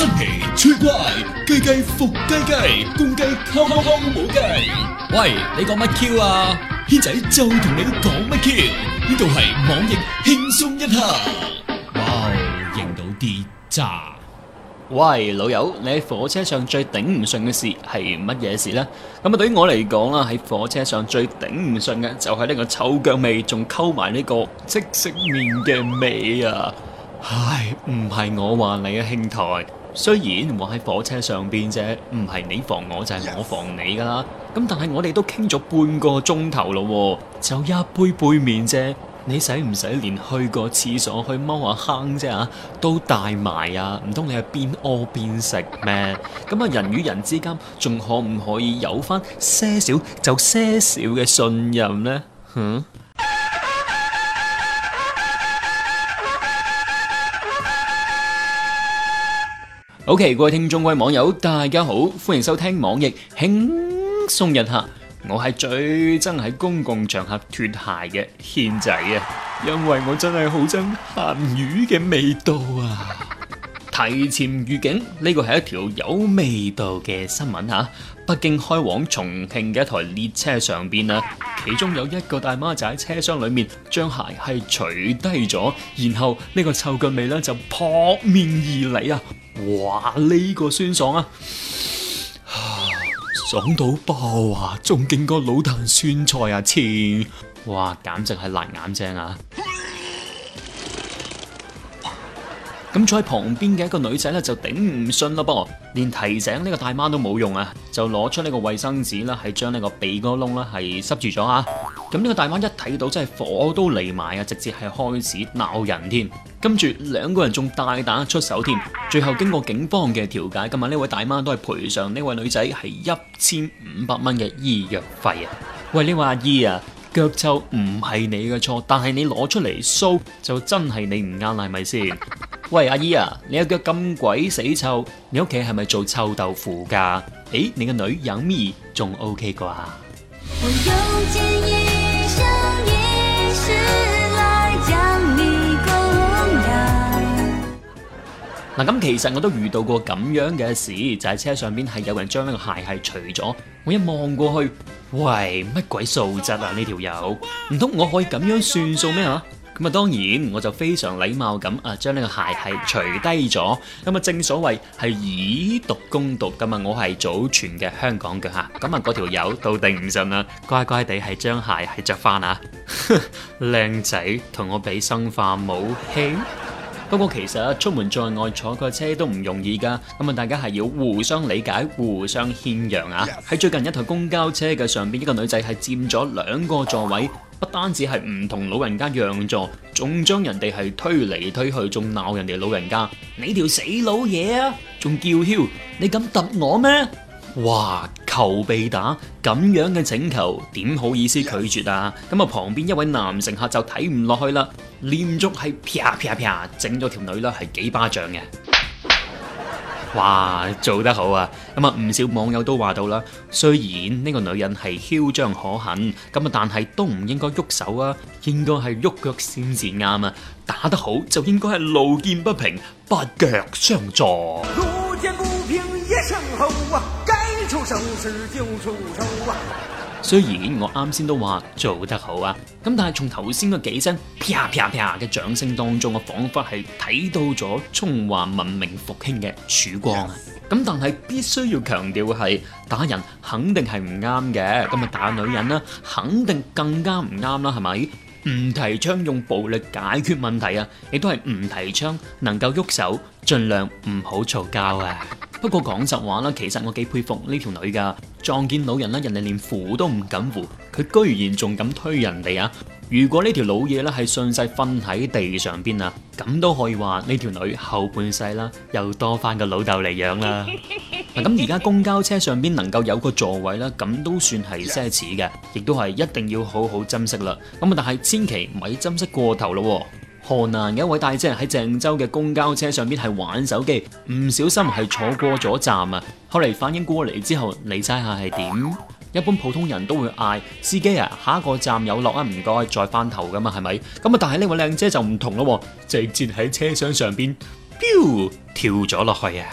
身皮吹怪，雞雞伏雞雞，公雞扣扣扣冇雞。喂，你講乜 Q 啊？軒仔就同你講乜 Q？呢度係網易輕鬆一刻。哇哦，認到啲咋？喂，老友，你喺火車上最頂唔順嘅事係乜嘢事呢？咁啊，對於我嚟講啦，喺火車上最頂唔順嘅就係呢個臭腳味，仲溝埋呢個即食麵嘅味啊！唉，唔係我話你啊，兄台。雖然我喺火車上邊啫，唔係你防我就係我防你噶啦。咁但係我哋都傾咗半個鐘頭咯，就一杯杯麵啫。你使唔使連去個廁所去踎下、啊、坑啫啊？都帶埋啊？唔通你係邊屙邊食咩？咁啊，人與人之間仲可唔可以有翻些少就些少嘅信任呢？嗯？好、okay, 各位聽眾、各位網友，大家好，歡迎收聽網易輕鬆一刻。我係最憎喺公共場合脱鞋嘅軒仔啊，因為我真係好憎咸魚嘅味道啊！提前預警，呢、這個係一條有味道嘅新聞吓、啊。北京開往重慶嘅一台列車上邊啊，其中有一個大媽就喺車廂裏面將鞋係除低咗，然後呢個臭腳味咧就撲面而嚟啊！哇！呢個酸爽啊，爽到爆啊，仲勁過老罈酸菜啊！切，哇，簡直係辣眼睛啊！咁 坐喺旁邊嘅一個女仔咧，就頂唔順啦，噃連提醒呢個大媽都冇用啊，就攞出呢個衛生紙啦，係將呢個鼻哥窿啦係濕住咗啊！咁呢個大媽一睇到真係火都嚟埋啊，直接係開始鬧人添。跟住兩個人仲大打出手添，最後經過警方嘅調解，今日呢位大媽都係賠償呢位女仔係一千五百蚊嘅醫藥費啊。喂，呢位阿姨啊，腳臭唔係你嘅錯，但係你攞出嚟 show 就真係你唔啱啦，係咪先？ 喂，阿姨啊，你個腳咁鬼死臭，你屋企係咪做臭豆腐㗎？誒，你個女有味仲 OK 啩？我有嗱咁、啊，其實我都遇到過咁樣嘅事，就喺、是、車上邊係有人將呢個鞋係除咗，我一望過去，喂，乜鬼素質啊？呢條友唔通我可以咁樣算數咩？嚇咁啊，當然我就非常禮貌咁啊，將呢個鞋係除低咗。咁、嗯、啊，正所謂係以毒攻毒。咁、嗯、啊，我係祖傳嘅香港腳啊。咁、嗯、啊，嗰條友都頂唔順啦，乖乖地係將鞋係着翻啊。靚仔，同我比生化武器。不過其實出門在外坐個車都唔容易㗎，咁啊大家係要互相理解、互相謙讓啊！喺 Yes. 最近一台公交車嘅上邊，一個女仔係佔咗兩個座位，不單止係唔同老人家讓座，仲將人哋係推嚟推去，仲鬧人哋老人家：你條死老嘢啊！仲叫囂，你敢揼我咩？哇！求被打咁樣嘅請求，點好意思拒絕啊？咁啊，旁邊一位男乘客就睇唔落去啦，連續係啪啪啪整咗條女啦，係幾巴掌嘅。 哇！做得好啊！咁啊，唔少網友都話到啦，雖然呢個女人係囂張可恨，咁啊，但係都唔應該喐手啊，應該係喐腳先至啱啊！打得好就應該係路見不平，八腳相助。路雖然我啱先都話做得好啊，咁但係從頭先嗰幾聲啪啪啪嘅掌聲當中，我仿佛係睇到咗中華文明復興嘅曙光。咁但係必須要強調嘅係打人肯定係唔啱嘅，咁啊打女人啦，肯定更加唔啱啦，係咪？唔提倡用暴力解決問題啊，亦都係唔提倡能夠喐手，儘量唔好嘈交啊。不過講實話啦，其實我幾佩服呢條女㗎，撞見老人啦，人哋連扶都唔敢扶，佢居然仲敢推人哋啊！如果呢條老嘢咧係順勢瞓喺地上邊啊，咁都可以話呢條女後半世啦，又多返個老豆嚟養啦。 咁而家公交車上邊能夠有個座位啦，咁都算係奢侈嘅，亦都係一定要好好珍惜啦。咁啊，但係千祈唔係珍惜過頭咯喎。河南有一位大姐喺鄭州嘅公交車上邊係玩手機，唔小心係坐過咗站啊。後嚟反應過嚟之後，你猜下係點？一般普通人都會嗌司機啊，下一個站有落啊，唔該再翻頭噶嘛，係咪？咁啊，但係呢位靚姐就唔同咯，直接喺車廂上邊飄跳咗落去啊！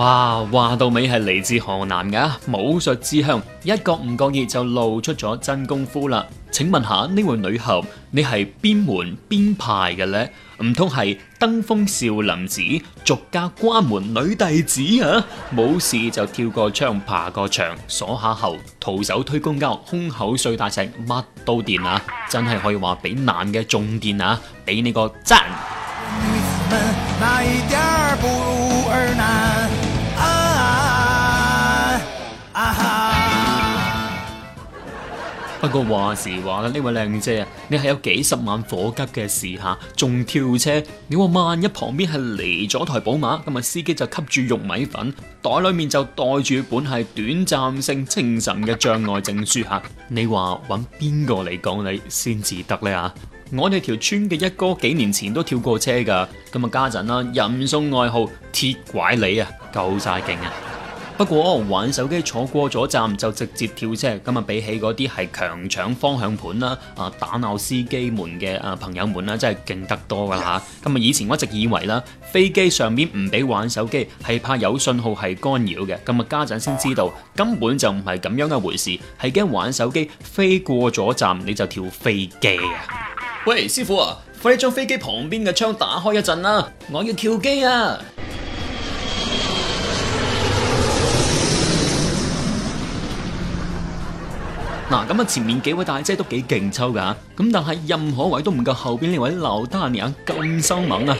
哇，話到尾係嚟自河南嘅、啊、武術之鄉，一覺唔覺意就露出咗真功夫啦！請問下呢位女俠，你係邊門邊派嘅呢？唔通係登封少林寺俗家關門女弟子啊？冇事就跳個窗爬牆、爬個牆、鎖下喉、徒手推公交、胸口碎大石，乜都掂啊！真係可以話比男嘅仲掂啊！俾你個讚！女子們不過話時話啦，呢位靚姐啊，你係有幾十萬火急嘅事吓，仲跳車？你話萬一旁邊係嚟咗台寶馬，咁啊司機就吸住玉米粉袋裏面就袋住本係短暫性精神嘅障礙證書吓，你話搵邊個嚟講你先至得呢？吓？我哋條村嘅一哥幾年前都跳過車噶，咁啊家陣啦，人送外號鐵拐李」夠，啊，夠晒勁啊！不過玩手機坐過咗站就直接跳車，咁、嗯、啊比起嗰啲係強搶方向盤啦，啊打鬧司機們嘅，啊朋友們啦、啊，真係勁得多噶吓。咁、嗯、啊以前我一直以為啦，飛機上面唔俾玩手機係怕有信號係干擾嘅，咁啊家陣先知道根本就唔係咁樣一回事，係驚玩手機飛過咗站你就跳飛機啊！喂，師傅啊，快啲將飛機旁邊嘅窗打開一陣啦、啊，我要跳機啊！嗱，咁啊，前面幾位大姐都幾勁抽噶，咁但係任何位都唔夠後邊呢位劉丹娘咁生猛啊！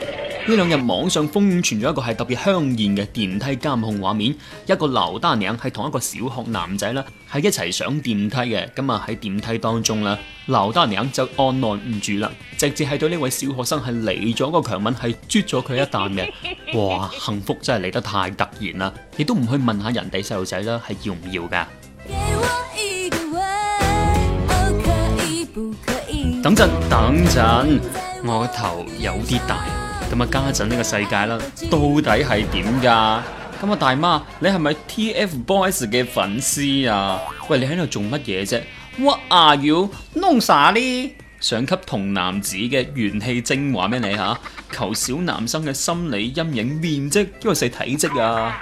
呢兩日網上瘋傳咗一個係特別香豔嘅電梯監控畫面，一個劉丹娘係同一個小學男仔啦，係一齊上電梯嘅，咁啊喺電梯當中啦，劉丹娘就按耐唔住啦，直接係對呢位小學生係嚟咗個強吻，係啜咗佢一啖嘅。哇，幸福真係嚟得太突然啦！亦都唔去問下人哋細路仔啦，係要唔要噶？ 等陣，等陣，我個頭有啲大，咁啊家陣呢個世界啦，到底係點㗎？咁啊，大媽，你係咪 TF Boys 嘅粉絲啊？喂，你喺度做乜嘢啫？What are you 弄啥呢？想吸同男子嘅元氣精華咩你吓？求小男生嘅心理陰影面積，因為細體積啊，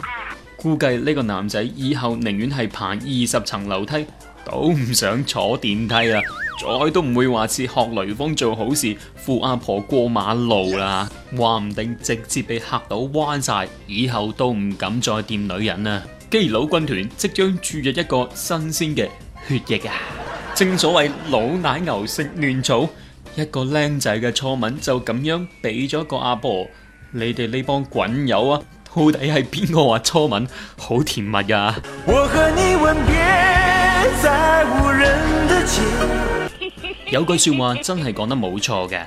估計呢個男仔以後寧願係爬二十層樓梯，都唔想坐電梯啊！再都唔會話似學雷鋒做好事扶阿婆過馬路啦，話唔定直接被嚇到彎晒，以後都唔敢再掂女人啦。基佬軍團即將注入一個新鮮嘅血液啊！正所謂老奶牛食嫩草，一個靚仔嘅初吻就咁樣俾咗個阿婆，你哋呢幫滾友啊，到底係邊個話初吻好甜蜜啊？我和你吻別在無人的街有句說話真係講得冇錯嘅，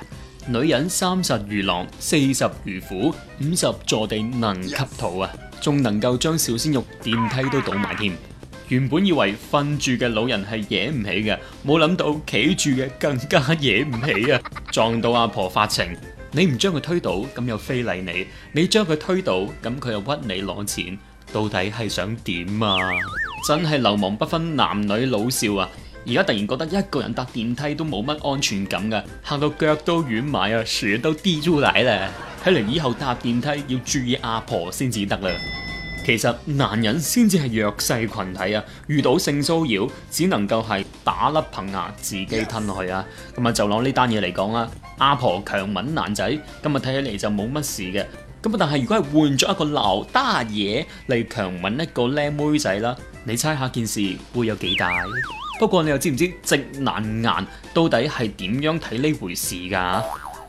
女人三十如狼，四十如虎，五十坐地能吸土啊，仲能夠將小鮮肉電梯都堵埋添。原本以為瞓住嘅老人係惹唔起嘅，冇諗到企住嘅更加惹唔起啊！撞到阿婆發情，你唔將佢推倒，咁又非禮你；你將佢推倒，咁佢又屈你攞錢。到底係想點啊？真係流氓不分男女老少啊！而家突然覺得一個人搭電梯都冇乜安全感噶，行到腳都軟埋啊，舌都滴出嚟咧。睇嚟以後搭電梯要注意阿婆先至得啦。其實男人先至係弱勢群體啊，遇到性騷擾只能夠係打甩棚牙自己吞落去啊。咁啊 Yes. 就攞呢單嘢嚟講啦，阿婆強吻男仔，今日睇起嚟就冇乜事嘅。咁啊，但係如果係換咗一個老打嘢嚟強吻一個靚妹仔啦，你猜下件事會有幾大？不過你又知唔知直男癌到底係點樣睇呢回事噶？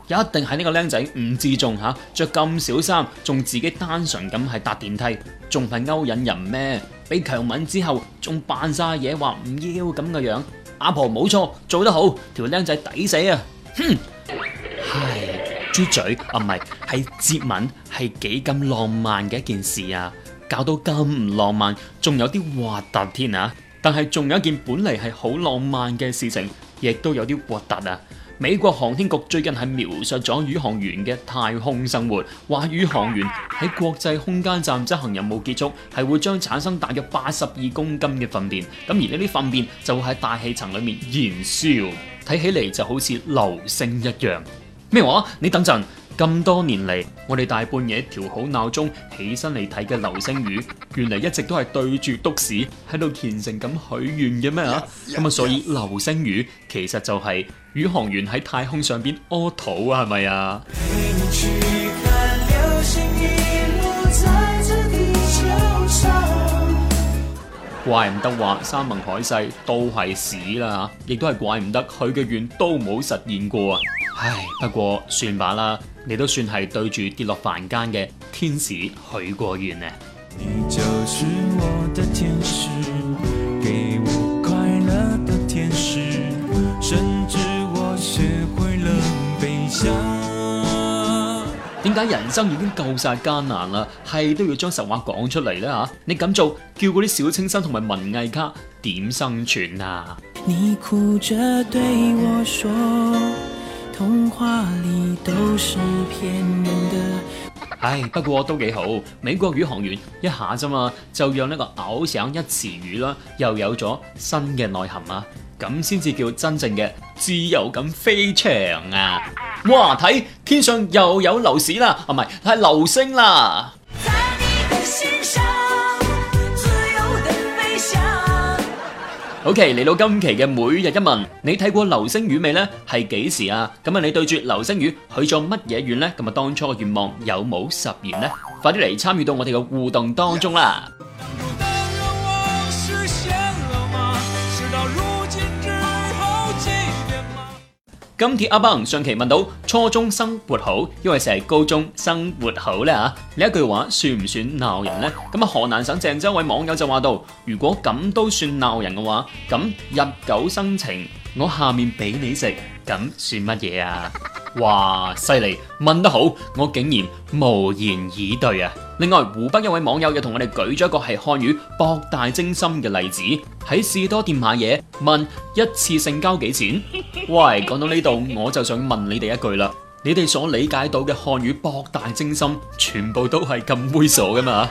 一定係呢個僆仔唔自重吓，着啊咁小衫，仲自己單純咁係搭電梯，仲係勾引人咩？俾強吻之後，仲扮晒嘢話唔要咁嘅樣。阿婆冇錯，做得好，條僆仔抵死啊！哼，係豬嘴，啊唔係，係接吻係幾咁浪漫嘅一件事啊！搞到咁唔浪漫，仲有啲核突添啊！但係仲有一件本嚟係好浪漫嘅事情，亦都有啲核突啊！美國航天局最近係描述咗宇航員嘅太空生活，話宇航員喺國際空間站執行任務結束，係會將產生大約八十二公斤嘅糞便，咁而呢啲糞便就會喺大氣層裡面燃燒，睇起嚟就好似流星一樣。咩話？你等陣。咁多年嚟，我哋大半夜調好鬧鐘起身嚟睇嘅流星雨，原來一直都係對住篤屎喺度虔誠咁許願嘅咩吓？咁啊，yes, yes, yes. 所以流星雨其實就係宇航員喺太空上邊屙肚啊，係咪啊？ 怪唔得話，山盟海誓都係屎啦，亦都係怪唔得，許嘅願都冇實現過啊！唉，不過算吧啦，你都算係對住跌落凡間嘅天使許過願呢。你就是我的天使，給我快樂的天使，甚至我學會了悲傷。點解人生已經夠晒艱難啦？係都要將實話講出嚟咧吓！你咁做，叫嗰啲小清新同埋文藝卡點生存啊？你哭着對我說，童話裏都是騙人的。唉，不過都幾好。美國宇航員一下啫嘛，就讓呢個咬上一詞語啦，又有咗新嘅內涵啊！咁先至叫真正嘅自由咁飛翔啊！哇，睇天上又有流屎啦，啊唔係，係流星啦。在你嘅心上自由的飛翔。OK，嚟到今期嘅每日一問，你睇過流星雨未呢？係幾時啊？咁啊，你對住流星雨許咗乜嘢願呢？咁啊，當初嘅願望有冇實現呢？快啲嚟參與到我哋嘅互動當中啦！金鐵阿爸上期問到初中生活好，因為成日高中生活好咧嚇，呢一句話算唔算鬧人呢？咁啊，河南省鄭州位網友就話到：「如果咁都算鬧人嘅話，咁日久生情。我下面俾你食，咁算乜嘢啊？哇，犀利！問得好，我竟然無言以對啊！另外，湖北一位網友又同我哋舉咗一個係漢語博大精深嘅例子，喺士多店買嘢，問一次性交幾錢？喂，講到呢度，我就想問你哋一句啦，你哋所理解到嘅漢語博大精深，全部都係咁猥瑣㗎嘛？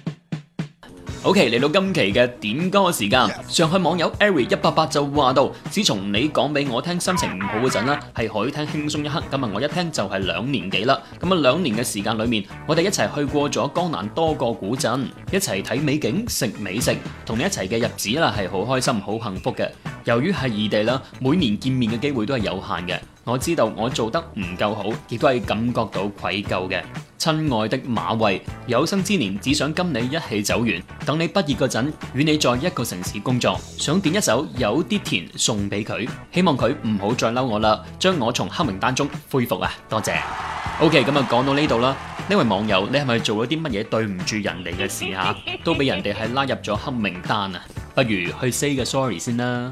O.K. 嚟到今期嘅點歌時間，上海網友 Eric 一八八就話到：自從你講俾我聽心情唔好嗰陣啦，係可以聽輕鬆一刻。今日我一聽就係兩年幾啦。咁啊，兩年嘅時間裏面，我哋一齊去過咗江南多個古鎮，一齊睇美景、食美食，同你一齊嘅日子啦，係好開心、好幸福嘅。由於係異地啦，每年見面嘅機會都係有限嘅。我知道我做得唔夠好，亦都係感覺到愧疚嘅。親愛的馬慧，有生之年只想跟你一起走完。等你畢業嗰陣，與你在一個城市工作，想點一首有啲甜送俾佢，希望佢唔好再嬲我啦，將我從黑名單中恢復啊！多謝。OK 咁啊，講到呢度啦，呢位網友，你係咪做咗啲乜嘢對唔住人哋嘅事啊？都俾人哋係拉入咗黑名單啊！不如去 say 個 sorry 先啦。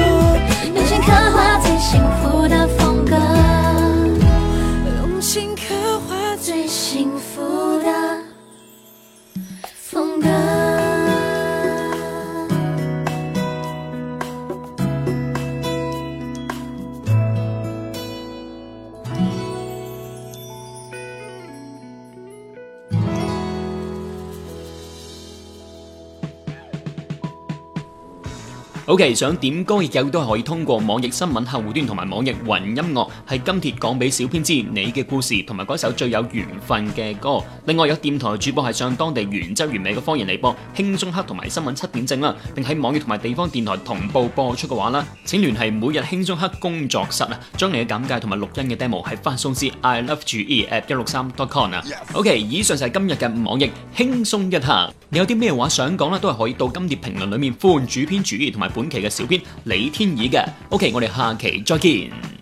好嘅，okay, 想點歌亦有都可以通過網易新聞客戶端同埋網易雲音樂，係今帖講俾小編知你嘅故事同埋嗰首最有緣分嘅歌。另外有電台主播係上當地原汁原味嘅方言嚟播輕鬆黑，同埋新聞七點正啦，並喺網易同埋地方電台同步播出嘅話啦，請聯繫每日輕鬆黑工作室啊，將你嘅簡介同埋錄音嘅 demo 喺發送至 I Love G E at 一六三 .com 啊。Yes. OK，以上就係今日嘅網易輕鬆一下。你有啲咩話想講呢？都係可以到今帖評論裡面闢主編主言同埋。本期嘅小編李天意嘅，OK，我哋下期再見。